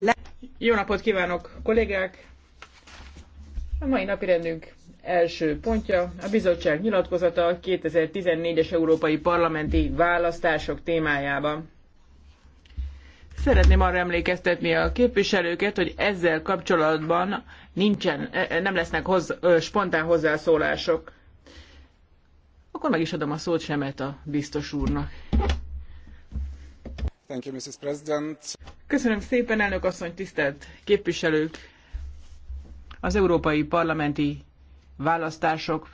Le- Jó napot kívánok, kollégák! A mai napi rendünk első pontja a bizottság nyilatkozata 2014-es európai parlamenti választások témájában. Szeretném arra emlékeztetni a képviselőket, hogy ezzel kapcsolatban nincsen, e, e, nem lesznek hoz, spontán hozzászólások. Akkor meg is adom a szót Semet a biztos úrnak. Thank you, Mrs. President. Köszönöm szépen, elnök asszony, tisztelt képviselők! Az európai parlamenti választások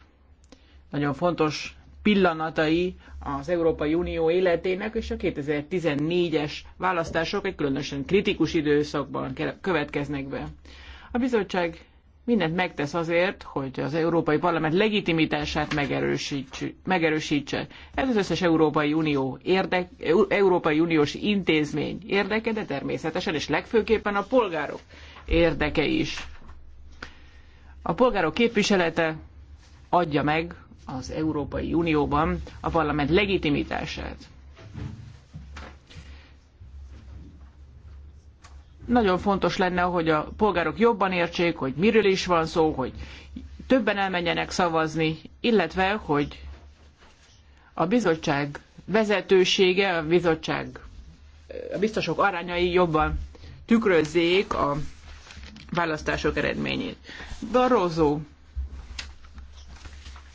nagyon fontos pillanatai az Európai Unió életének, és a 2014-es választások egy különösen kritikus időszakban következnek be. A bizottság mindent megtesz azért, hogy az Európai Parlament legitimitását megerősítse. Ez az összes Európai Unió érdek, Európai Uniós intézmény érdeke, de természetesen és legfőképpen a polgárok érdeke is. A polgárok képviselete adja meg az Európai Unióban a parlament legitimitását. nagyon fontos lenne, hogy a polgárok jobban értsék, hogy miről is van szó, hogy többen elmenjenek szavazni, illetve, hogy a bizottság vezetősége, a bizottság a biztosok arányai jobban tükrözzék a választások eredményét. Barroso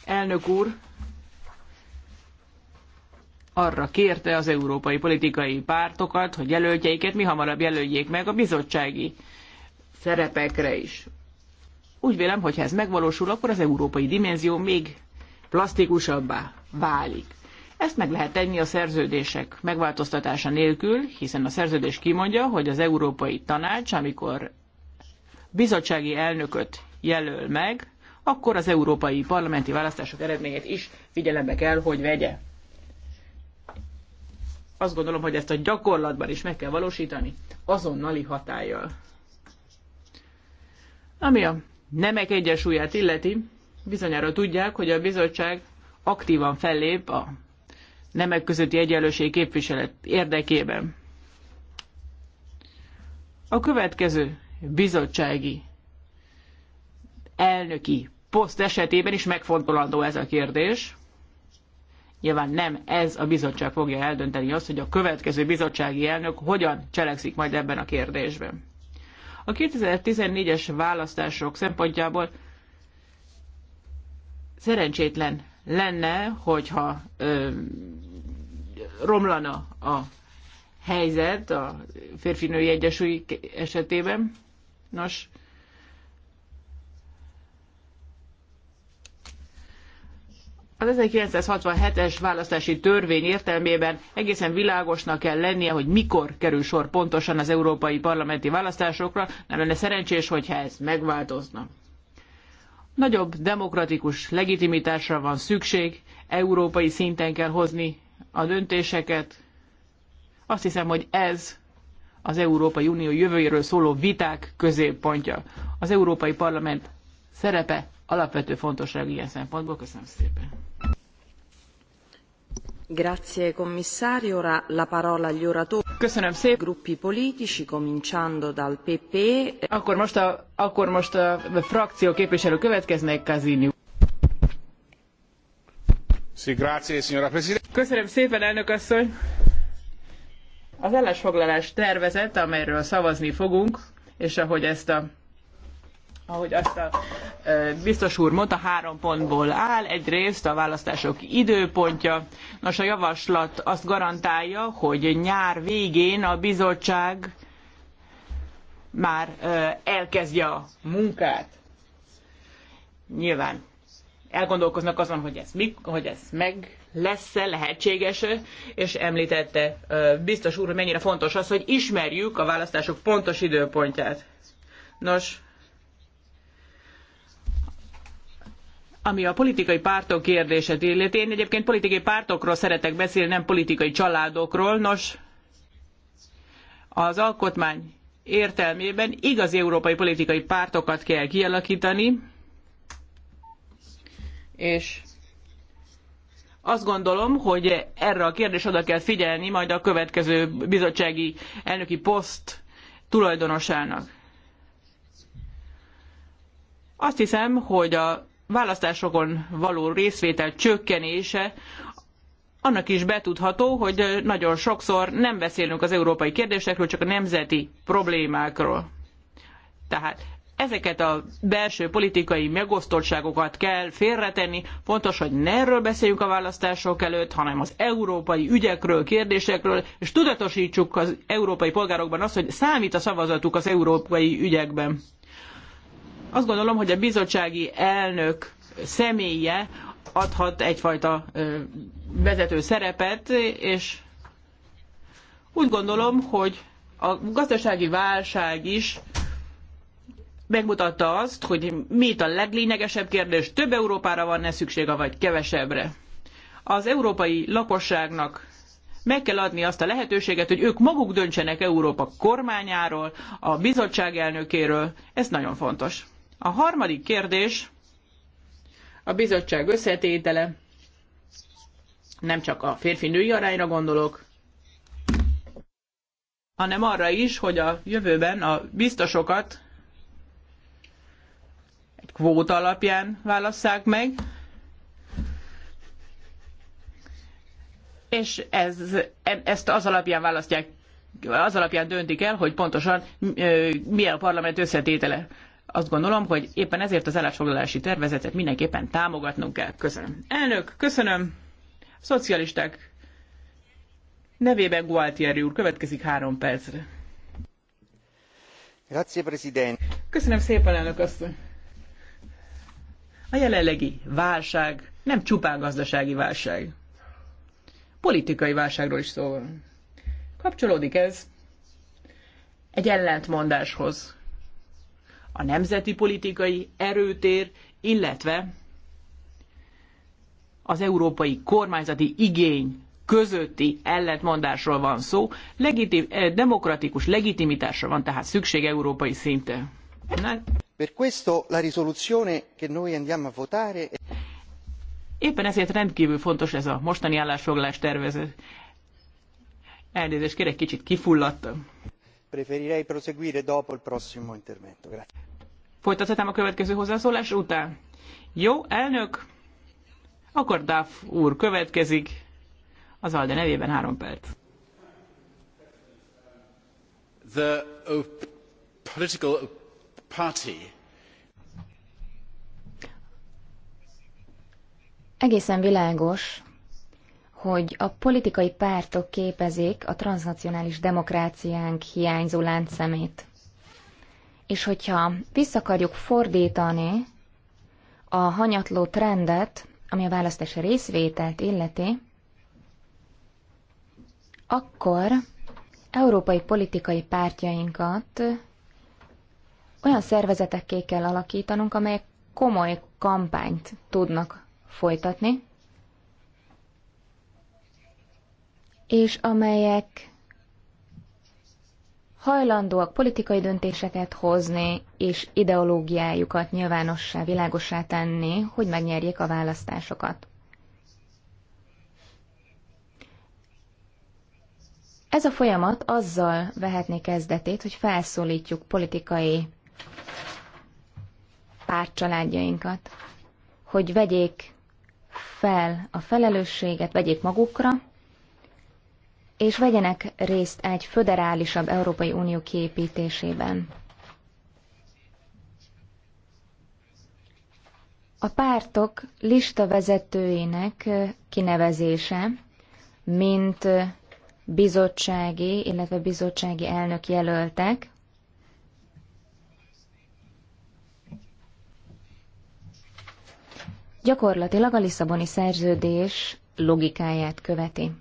elnök úr arra kérte az európai politikai pártokat, hogy jelöltjeiket mi hamarabb jelöljék meg a bizottsági szerepekre is. Úgy vélem, hogy ha ez megvalósul, akkor az európai dimenzió még plastikusabbá válik. Ezt meg lehet tenni a szerződések megváltoztatása nélkül, hiszen a szerződés kimondja, hogy az Európai Tanács, amikor bizottsági elnököt jelöl meg, akkor az európai parlamenti választások eredményét is figyelembe kell, hogy vegye azt gondolom, hogy ezt a gyakorlatban is meg kell valósítani, azonnali hatállyal. Ami a nemek egyensúlyát illeti, bizonyára tudják, hogy a bizottság aktívan fellép a nemek közötti egyenlőség képviselet érdekében. A következő bizottsági elnöki poszt esetében is megfontolandó ez a kérdés – Nyilván nem ez a bizottság fogja eldönteni azt, hogy a következő bizottsági elnök hogyan cselekszik majd ebben a kérdésben. A 2014-es választások szempontjából szerencsétlen lenne, hogyha ö, romlana a helyzet a férfinői egyesúly esetében. Nos, Az 1967-es választási törvény értelmében egészen világosnak kell lennie, hogy mikor kerül sor pontosan az európai parlamenti választásokra, nem lenne szerencsés, hogyha ez megváltozna. Nagyobb demokratikus legitimitásra van szükség, európai szinten kell hozni a döntéseket. Azt hiszem, hogy ez az Európai Unió jövőjéről szóló viták középpontja. Az Európai Parlament szerepe alapvető fontosság ilyen szempontból. Köszönöm szépen. Grazie commissario. Ora la parola agli oratori. Gruppi politici, cominciando dal PP. Akkor most a, akkor most a frakció képviselő Kazini. Sí, grazie, signora Presidente. Köszönöm szépen, elnök asszony. Az állásfoglalás tervezet, amelyről szavazni fogunk, és ahogy ezt a ahogy azt a biztos úr mondta, három pontból áll. Egyrészt a választások időpontja. Nos, a javaslat azt garantálja, hogy nyár végén a bizottság már elkezdje a munkát. Nyilván elgondolkoznak azon, hogy ez, mik, hogy ez meg lesz-e, lehetséges -e, és említette biztos úr, hogy mennyire fontos az, hogy ismerjük a választások pontos időpontját. Nos, ami a politikai pártok kérdését illeti. Én egyébként politikai pártokról szeretek beszélni, nem politikai családokról. Nos, az alkotmány értelmében igazi európai politikai pártokat kell kialakítani, és azt gondolom, hogy erre a kérdésre oda kell figyelni majd a következő bizottsági elnöki poszt tulajdonosának. Azt hiszem, hogy a választásokon való részvétel csökkenése annak is betudható, hogy nagyon sokszor nem beszélünk az európai kérdésekről, csak a nemzeti problémákról. Tehát ezeket a belső politikai megosztottságokat kell félretenni. Fontos, hogy ne erről beszéljünk a választások előtt, hanem az európai ügyekről, kérdésekről, és tudatosítsuk az európai polgárokban azt, hogy számít a szavazatuk az európai ügyekben. Azt gondolom, hogy a bizottsági elnök személye adhat egyfajta vezető szerepet, és úgy gondolom, hogy a gazdasági válság is megmutatta azt, hogy mi itt a leglényegesebb kérdés, több Európára van-e szüksége, vagy kevesebbre. Az európai lakosságnak meg kell adni azt a lehetőséget, hogy ők maguk döntsenek Európa kormányáról, a bizottság elnökéről. Ez nagyon fontos. A harmadik kérdés a bizottság összetétele. Nem csak a férfi-női arányra gondolok, hanem arra is, hogy a jövőben a biztosokat egy kvóta alapján válasszák meg, és ez, e- ezt az alapján választják, az alapján döntik el, hogy pontosan milyen a parlament összetétele azt gondolom, hogy éppen ezért az állásfoglalási tervezetet mindenképpen támogatnunk kell. Köszönöm. Elnök, köszönöm. Szocialisták nevében Gualtieri úr következik három percre. Grazie, President. Köszönöm szépen, elnök asszony. A jelenlegi válság nem csupán gazdasági válság. Politikai válságról is szól. Kapcsolódik ez egy ellentmondáshoz, a nemzeti politikai erőtér, illetve az európai kormányzati igény közötti ellentmondásról van szó, legitim, eh, demokratikus legitimitásra van tehát szükség európai szinten. Per questo la risoluzione che noi andiamo a votare Éppen ezért rendkívül fontos ez a mostani állásfoglalás tervezet. Elnézést kérek, kicsit kifulladtam. Preferirei proseguire dopo il prossimo intervento. Grazie. Folytathatnám a következő hozzászólás után. Jó, elnök! Akkor Duff úr következik. Az Alde nevében három perc. The uh, political party Egészen világos, hogy a politikai pártok képezik a transnacionális demokráciánk hiányzó láncszemét. És hogyha visszakarjuk fordítani a hanyatló trendet, ami a választási részvételt illeti, akkor európai politikai pártjainkat olyan szervezetekké kell alakítanunk, amelyek komoly kampányt tudnak folytatni, és amelyek hajlandóak politikai döntéseket hozni, és ideológiájukat nyilvánossá, világossá tenni, hogy megnyerjék a választásokat. Ez a folyamat azzal vehetné kezdetét, hogy felszólítjuk politikai pártcsaládjainkat, hogy vegyék fel a felelősséget, vegyék magukra, és vegyenek részt egy föderálisabb Európai Unió kiépítésében. A pártok vezetőjének kinevezése, mint bizottsági, illetve bizottsági elnök jelöltek, gyakorlatilag a Lisszaboni szerződés logikáját követi.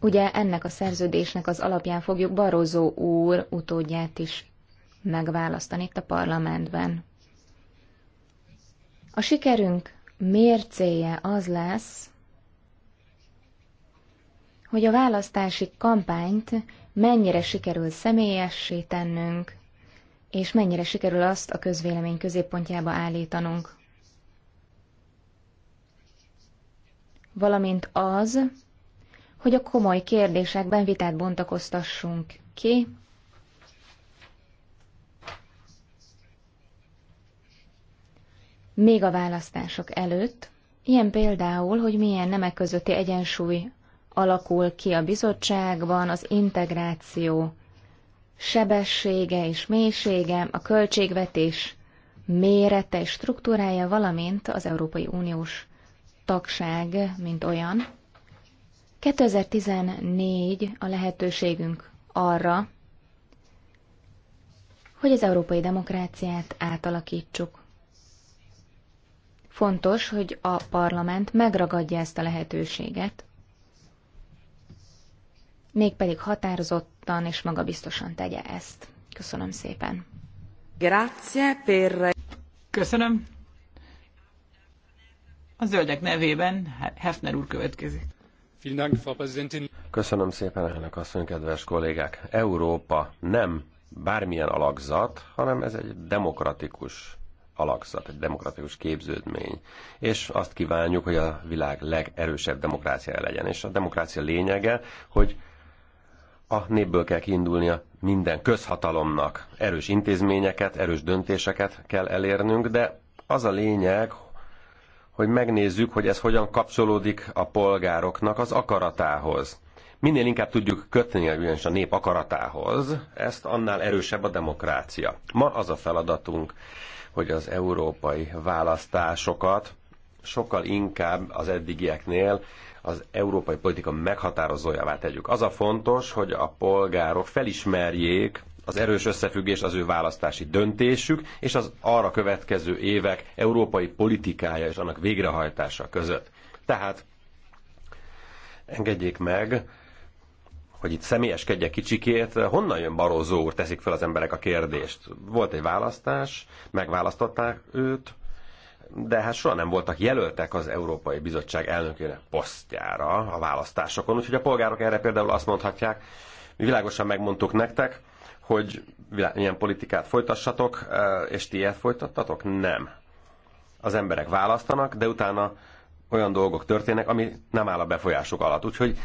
Ugye ennek a szerződésnek az alapján fogjuk Barozó úr utódját is megválasztani itt a parlamentben. A sikerünk mércéje az lesz, hogy a választási kampányt mennyire sikerül személyessé tennünk, és mennyire sikerül azt a közvélemény középpontjába állítanunk. Valamint az, hogy a komoly kérdésekben vitát bontakoztassunk ki, még a választások előtt, ilyen például, hogy milyen nemek közötti egyensúly alakul ki a bizottságban, az integráció sebessége és mélysége, a költségvetés mérete és struktúrája, valamint az Európai Uniós tagság, mint olyan. 2014 a lehetőségünk arra, hogy az európai demokráciát átalakítsuk. Fontos, hogy a parlament megragadja ezt a lehetőséget, mégpedig határozottan és magabiztosan tegye ezt. Köszönöm szépen. Grazie per... Köszönöm. A zöldek nevében Hefner úr következik. Köszönöm szépen, elnök asszony, kedves kollégák. Európa nem bármilyen alakzat, hanem ez egy demokratikus alakzat, egy demokratikus képződmény. És azt kívánjuk, hogy a világ legerősebb demokráciája legyen. És a demokrácia lényege, hogy a népből kell kiindulnia minden közhatalomnak. Erős intézményeket, erős döntéseket kell elérnünk, de az a lényeg, hogy megnézzük, hogy ez hogyan kapcsolódik a polgároknak az akaratához. Minél inkább tudjuk kötni a nép akaratához, ezt annál erősebb a demokrácia. Ma az a feladatunk, hogy az európai választásokat sokkal inkább az eddigieknél az európai politika meghatározójává tegyük. Az a fontos, hogy a polgárok felismerjék, az erős összefüggés az ő választási döntésük és az arra következő évek európai politikája és annak végrehajtása között. Tehát engedjék meg, hogy itt személyeskedje kicsikét, honnan jön Barózó úr, teszik fel az emberek a kérdést. Volt egy választás, megválasztották őt, de hát soha nem voltak jelöltek az Európai Bizottság elnökének posztjára a választásokon, úgyhogy a polgárok erre például azt mondhatják, mi világosan megmondtuk nektek, hogy ilyen politikát folytassatok, eh, és ti ilyet folytattatok? Nem. Az emberek választanak, de utána olyan dolgok történnek, ami nem áll a befolyásuk alatt. Úgyhogy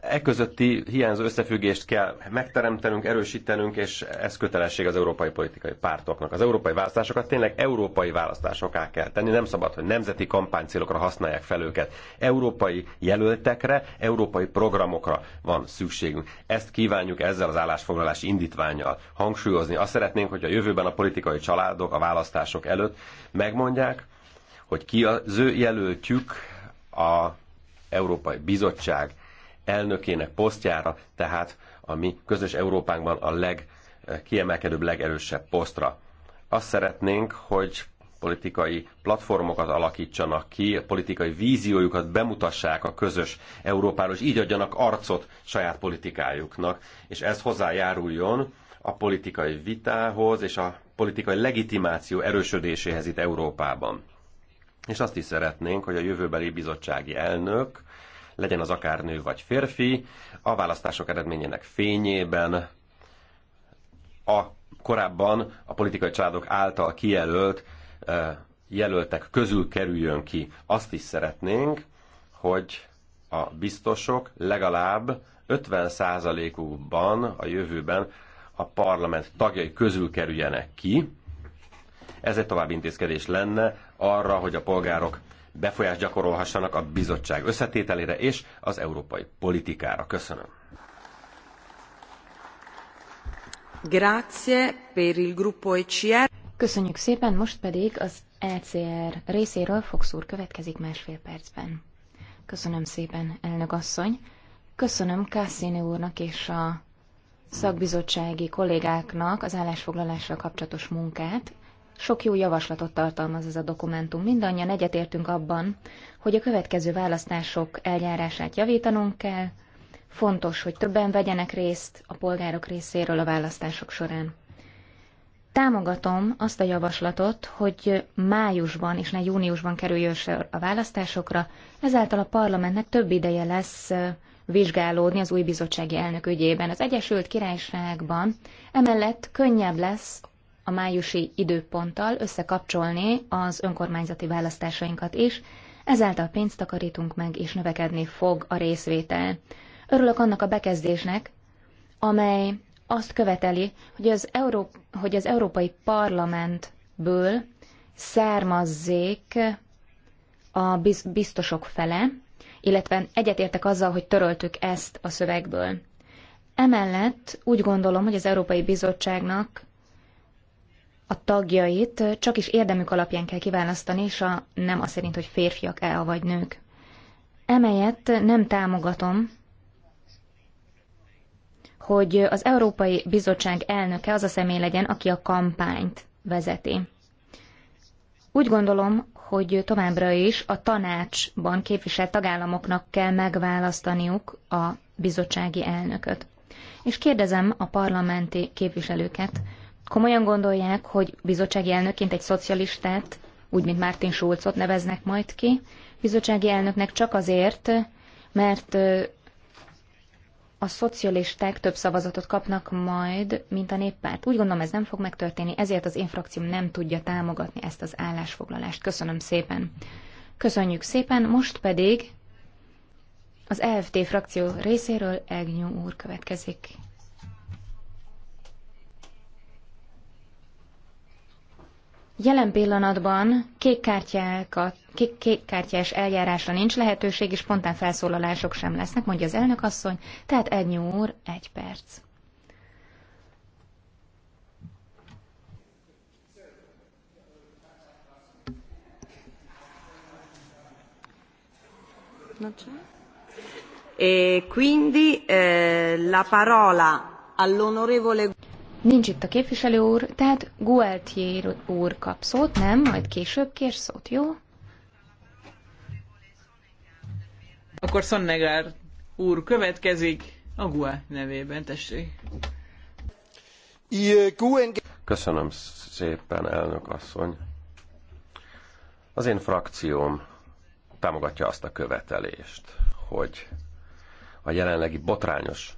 e közötti hiányzó összefüggést kell megteremtenünk, erősítenünk, és ez kötelesség az európai politikai pártoknak. Az európai választásokat tényleg európai választásoká kell tenni, nem szabad, hogy nemzeti kampánycélokra használják fel őket. Európai jelöltekre, európai programokra van szükségünk. Ezt kívánjuk ezzel az állásfoglalási indítványjal hangsúlyozni. Azt szeretnénk, hogy a jövőben a politikai családok a választások előtt megmondják, hogy ki az ő jelöltjük a Európai Bizottság elnökének posztjára, tehát a mi közös Európánkban a legkiemelkedőbb, legerősebb posztra. Azt szeretnénk, hogy politikai platformokat alakítsanak ki, politikai víziójukat bemutassák a közös Európáról, és így adjanak arcot saját politikájuknak, és ez hozzájáruljon a politikai vitához és a politikai legitimáció erősödéséhez itt Európában. És azt is szeretnénk, hogy a jövőbeli bizottsági elnök legyen az akár nő vagy férfi, a választások eredményének fényében a korábban a politikai családok által kijelölt jelöltek közül kerüljön ki. Azt is szeretnénk, hogy a biztosok legalább 50%-ukban a jövőben a parlament tagjai közül kerüljenek ki. Ez egy további intézkedés lenne arra, hogy a polgárok befolyást gyakorolhassanak a bizottság összetételére és az európai politikára. Köszönöm. Grazie per il gruppo ECR. Köszönjük szépen, most pedig az ECR részéről Fox úr következik másfél percben. Köszönöm szépen, elnök asszony. Köszönöm Cassini úrnak és a szakbizottsági kollégáknak az állásfoglalással kapcsolatos munkát. Sok jó javaslatot tartalmaz ez a dokumentum. Mindannyian egyetértünk abban, hogy a következő választások eljárását javítanunk kell, fontos, hogy többen vegyenek részt a polgárok részéről a választások során. Támogatom azt a javaslatot, hogy májusban és ne júniusban kerüljön sor a választásokra, ezáltal a parlamentnek több ideje lesz vizsgálódni az új bizottsági elnök ügyében. Az Egyesült Királyságban emellett könnyebb lesz a májusi időponttal összekapcsolni az önkormányzati választásainkat is, ezáltal pénzt takarítunk meg, és növekedni fog a részvétel. Örülök annak a bekezdésnek, amely azt követeli, hogy az, Euró- hogy az Európai Parlamentből származzék a biz- biztosok fele, illetve egyetértek azzal, hogy töröltük ezt a szövegből. Emellett úgy gondolom, hogy az Európai Bizottságnak a tagjait csak is érdemük alapján kell kiválasztani, és a, nem az szerint, hogy férfiak-e vagy nők. Emellett nem támogatom, hogy az Európai Bizottság elnöke az a személy legyen, aki a kampányt vezeti. Úgy gondolom, hogy továbbra is a tanácsban képviselt tagállamoknak kell megválasztaniuk a bizottsági elnököt. És kérdezem a parlamenti képviselőket, Komolyan gondolják, hogy bizottsági elnökként egy szocialistát, úgy mint Martin Schulzot neveznek majd ki, bizottsági elnöknek csak azért, mert a szocialisták több szavazatot kapnak majd, mint a néppárt. Úgy gondolom, ez nem fog megtörténni, ezért az én frakcióm nem tudja támogatni ezt az állásfoglalást. Köszönöm szépen. Köszönjük szépen, most pedig az EFT frakció részéről Egnyú úr következik. Jelen pillanatban kékkártyákat, kék, kékkártyás eljárásra nincs lehetőség, és spontán felszólalások sem lesznek, mondja az elnök asszony, tehát egy úr, egy perc. E quindi eh, la parola all'onorevole Nincs itt a képviselő úr, tehát Gualtier úr kap szót, nem, majd később kér szót, jó? Akkor Szonnegár úr következik a Gua nevében, tessék. Köszönöm szépen, elnök asszony. Az én frakcióm támogatja azt a követelést, hogy a jelenlegi botrányos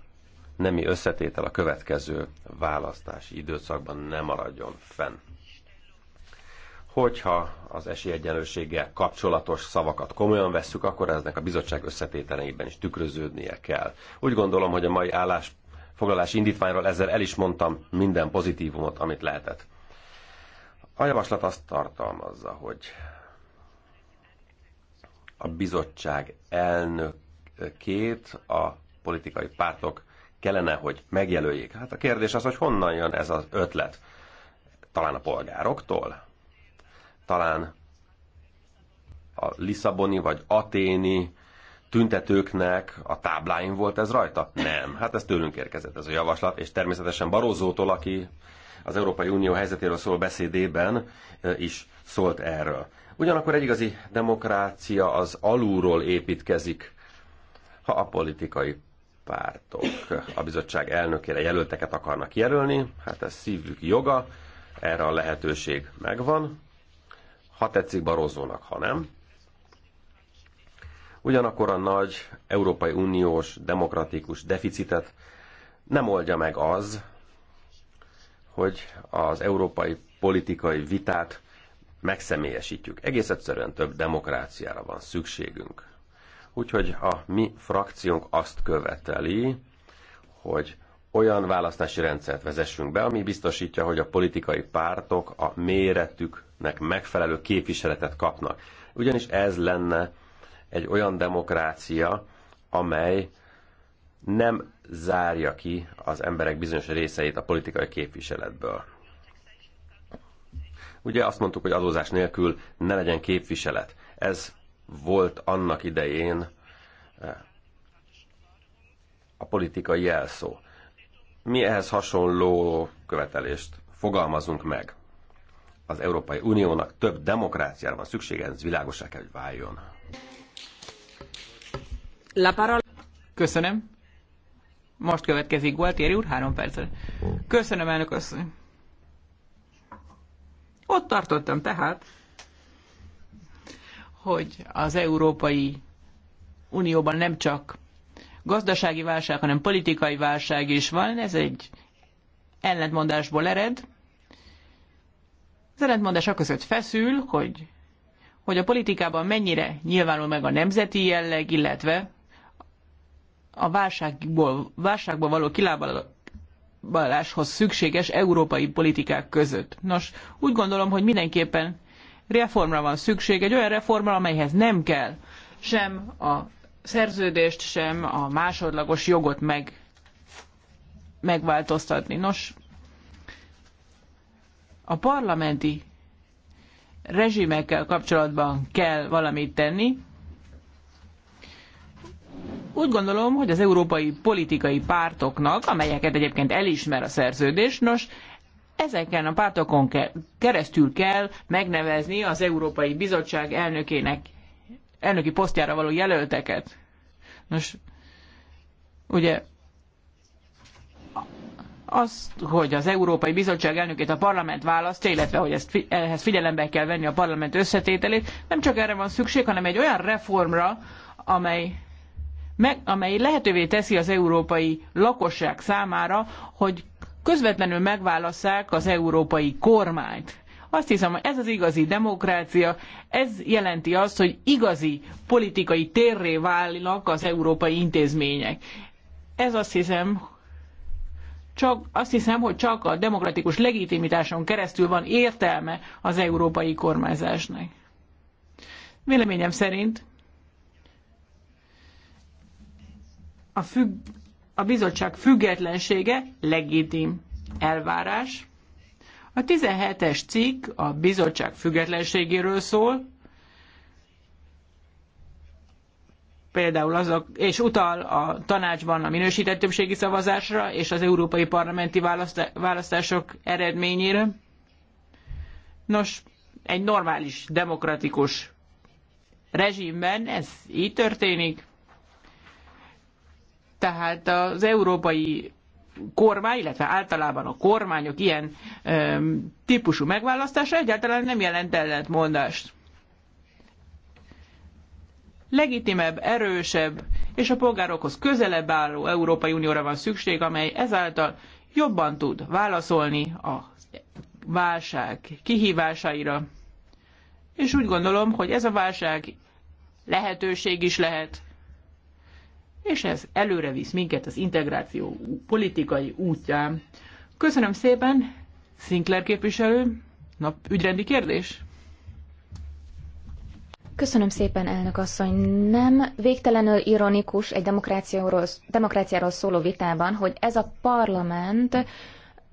nemi összetétel a következő választási időszakban nem maradjon fenn. Hogyha az esélyegyenlőséggel kapcsolatos szavakat komolyan vesszük, akkor eznek a bizottság összetételeiben is tükröződnie kell. Úgy gondolom, hogy a mai állásfoglalás indítványról ezzel el is mondtam minden pozitívumot, amit lehetett. A javaslat azt tartalmazza, hogy a bizottság elnökét a politikai pártok kellene, hogy megjelöljék. Hát a kérdés az, hogy honnan jön ez az ötlet. Talán a polgároktól? Talán a Lisszaboni vagy Aténi tüntetőknek a tábláin volt ez rajta? Nem. Hát ez tőlünk érkezett ez a javaslat, és természetesen Barózótól, aki az Európai Unió helyzetéről szól beszédében is szólt erről. Ugyanakkor egy igazi demokrácia az alulról építkezik, ha a politikai pártok a bizottság elnökére jelölteket akarnak jelölni, hát ez szívük joga, erre a lehetőség megvan, ha tetszik Barozónak, ha nem. Ugyanakkor a nagy Európai Uniós demokratikus deficitet nem oldja meg az, hogy az európai politikai vitát megszemélyesítjük. Egész egyszerűen több demokráciára van szükségünk. Úgyhogy a mi frakciónk azt követeli, hogy olyan választási rendszert vezessünk be, ami biztosítja, hogy a politikai pártok a méretüknek megfelelő képviseletet kapnak. Ugyanis ez lenne egy olyan demokrácia, amely nem zárja ki az emberek bizonyos részeit a politikai képviseletből. Ugye azt mondtuk, hogy adózás nélkül ne legyen képviselet. Ez volt annak idején eh, a politikai jelszó. Mi ehhez hasonló követelést fogalmazunk meg. Az Európai Uniónak több demokráciára van szüksége, ez világosá kell, hogy váljon. La parole. Köszönöm. Most következik Gualtieri úr, három percre. Köszönöm, elnök asszony. Ott tartottam tehát, hogy az Európai Unióban nem csak gazdasági válság, hanem politikai válság is van. Ez egy ellentmondásból ered. Az ellentmondás a között feszül, hogy, hogy a politikában mennyire nyilvánul meg a nemzeti jelleg, illetve a válságból, válságból való kilábaláshoz szükséges európai politikák között. Nos, úgy gondolom, hogy mindenképpen reformra van szükség, egy olyan reformra, amelyhez nem kell sem a szerződést, sem a másodlagos jogot meg, megváltoztatni. Nos, a parlamenti rezsimekkel kapcsolatban kell valamit tenni. Úgy gondolom, hogy az európai politikai pártoknak, amelyeket egyébként elismer a szerződés, nos, ezeken a pártokon keresztül kell megnevezni az Európai Bizottság elnökének, elnöki posztjára való jelölteket. Nos, ugye azt, hogy az Európai Bizottság elnökét a parlament választja, illetve hogy ezt, ehhez figyelembe kell venni a parlament összetételét, nem csak erre van szükség, hanem egy olyan reformra, amely, meg, amely lehetővé teszi az európai lakosság számára, hogy közvetlenül megválasszák az európai kormányt. Azt hiszem, hogy ez az igazi demokrácia, ez jelenti azt, hogy igazi politikai térré válnak az európai intézmények. Ez azt hiszem, csak, azt hiszem, hogy csak a demokratikus legitimitáson keresztül van értelme az európai kormányzásnak. Véleményem szerint a függ, a bizottság függetlensége legitim elvárás. A 17-es cikk a bizottság függetlenségéről szól, például azok, és utal a tanácsban a minősített többségi szavazásra és az európai parlamenti választások eredményére. Nos, egy normális, demokratikus rezsimben ez így történik. Tehát az európai kormány, illetve általában a kormányok ilyen öm, típusú megválasztása egyáltalán nem jelent ellentmondást. Legitimebb, erősebb és a polgárokhoz közelebb álló Európai Unióra van szükség, amely ezáltal jobban tud válaszolni a válság kihívásaira. És úgy gondolom, hogy ez a válság lehetőség is lehet és ez előre visz minket az integráció politikai útján. Köszönöm szépen, Sinclair képviselő. Nap ügyrendi kérdés? Köszönöm szépen, elnök asszony. Nem végtelenül ironikus egy demokráciáról, demokráciáról szóló vitában, hogy ez a parlament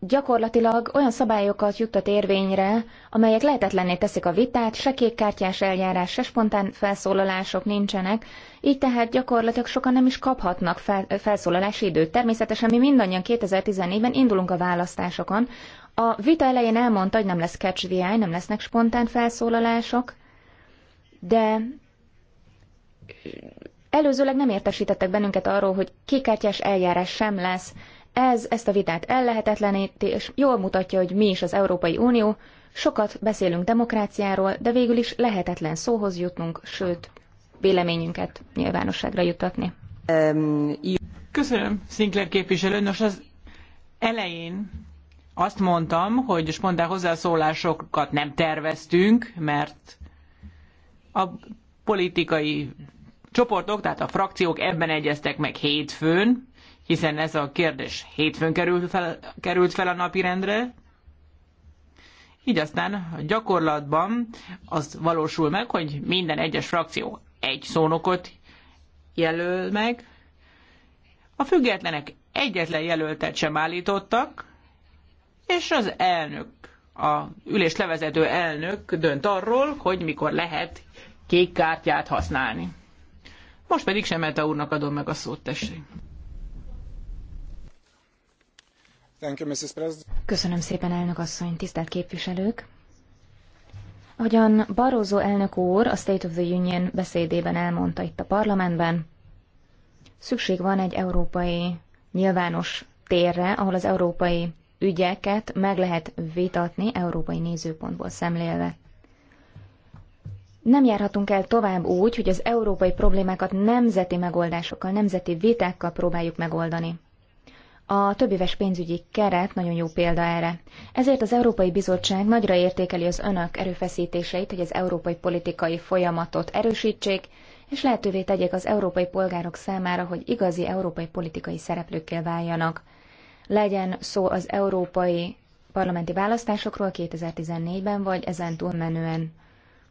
gyakorlatilag olyan szabályokat juttat érvényre, amelyek lehetetlenné teszik a vitát, se kékkártyás eljárás, se spontán felszólalások nincsenek, így tehát gyakorlatilag sokan nem is kaphatnak fel, felszólalási időt. Természetesen mi mindannyian 2014-ben indulunk a választásokon. A vita elején elmondta, hogy nem lesz catch the eye, nem lesznek spontán felszólalások, de előzőleg nem értesítettek bennünket arról, hogy kékkártyás eljárás sem lesz, ez ezt a vitát ellehetetleníti, és jól mutatja, hogy mi is az Európai Unió. Sokat beszélünk demokráciáról, de végül is lehetetlen szóhoz jutnunk, sőt, véleményünket nyilvánosságra juttatni. Köszönöm, Sinclair képviselő. Nos, az elején azt mondtam, hogy spontán hozzászólásokat nem terveztünk, mert a politikai csoportok, tehát a frakciók ebben egyeztek meg hétfőn, hiszen ez a kérdés hétfőn került fel, került fel a napirendre, így aztán a gyakorlatban az valósul meg, hogy minden egyes frakció egy szónokot jelöl meg. A függetlenek egyetlen jelöltet sem állítottak, és az elnök, a ülés levezető elnök dönt arról, hogy mikor lehet kék kártyát használni. Most pedig Semeta úrnak adom meg a szót, tessék. Köszönöm szépen, elnök asszony, tisztelt képviselők! Ahogyan Barroso elnök úr a State of the Union beszédében elmondta itt a parlamentben, szükség van egy európai nyilvános térre, ahol az európai ügyeket meg lehet vitatni európai nézőpontból szemlélve. Nem járhatunk el tovább úgy, hogy az európai problémákat nemzeti megoldásokkal, nemzeti vitákkal próbáljuk megoldani. A többéves pénzügyi keret nagyon jó példa erre. Ezért az Európai Bizottság nagyra értékeli az önök erőfeszítéseit, hogy az európai politikai folyamatot erősítsék, és lehetővé tegyék az európai polgárok számára, hogy igazi európai politikai szereplőkkel váljanak. Legyen szó az európai parlamenti választásokról 2014-ben, vagy ezen túlmenően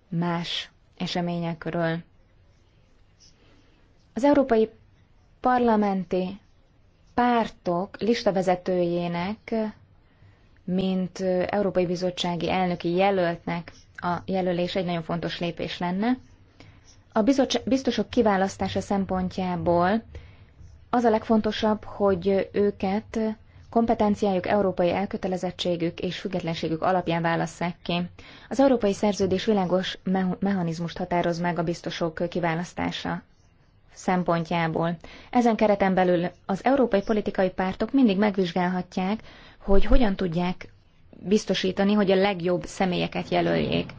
más eseményekről. Az európai parlamenti pártok listavezetőjének, mint Európai Bizottsági elnöki jelöltnek a jelölés egy nagyon fontos lépés lenne. A biztosok kiválasztása szempontjából az a legfontosabb, hogy őket kompetenciájuk, európai elkötelezettségük és függetlenségük alapján válasszák ki. Az európai szerződés világos mechanizmust határoz meg a biztosok kiválasztása szempontjából. Ezen kereten belül az európai politikai pártok mindig megvizsgálhatják, hogy hogyan tudják biztosítani, hogy a legjobb személyeket jelöljék.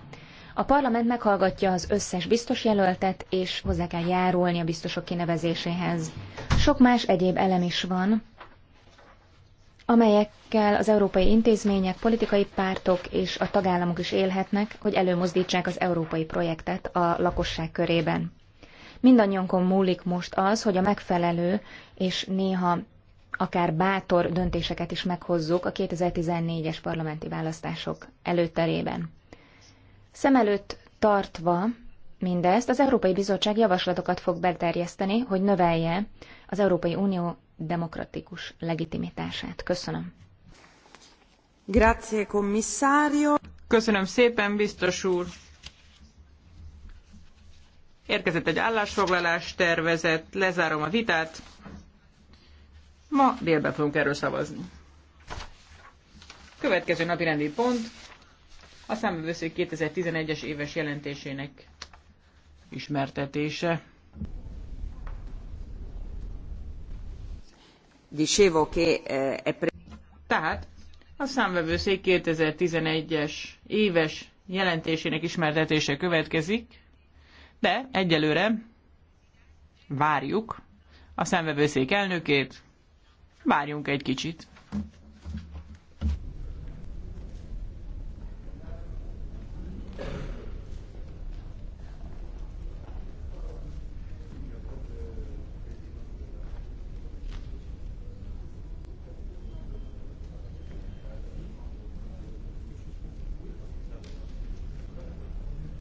A parlament meghallgatja az összes biztos jelöltet, és hozzá kell járulni a biztosok kinevezéséhez. Sok más egyéb elem is van, amelyekkel az európai intézmények, politikai pártok és a tagállamok is élhetnek, hogy előmozdítsák az európai projektet a lakosság körében. Mindannyiunkon múlik most az, hogy a megfelelő és néha akár bátor döntéseket is meghozzuk a 2014-es parlamenti választások előterében. Szem előtt tartva mindezt, az Európai Bizottság javaslatokat fog beterjeszteni, hogy növelje az Európai Unió demokratikus legitimitását. Köszönöm. Grazie, commissario. Köszönöm szépen, biztos úr. Érkezett egy állásfoglalás tervezet, lezárom a vitát. Ma délben fogunk erről szavazni. Következő napi rendi pont a számbevőszék 2011-es éves jelentésének ismertetése. Dicevo che eh, è pre- Tehát a számvevőszék 2011-es éves jelentésének ismertetése következik de egyelőre várjuk a szemvevőszék elnökét, várjunk egy kicsit.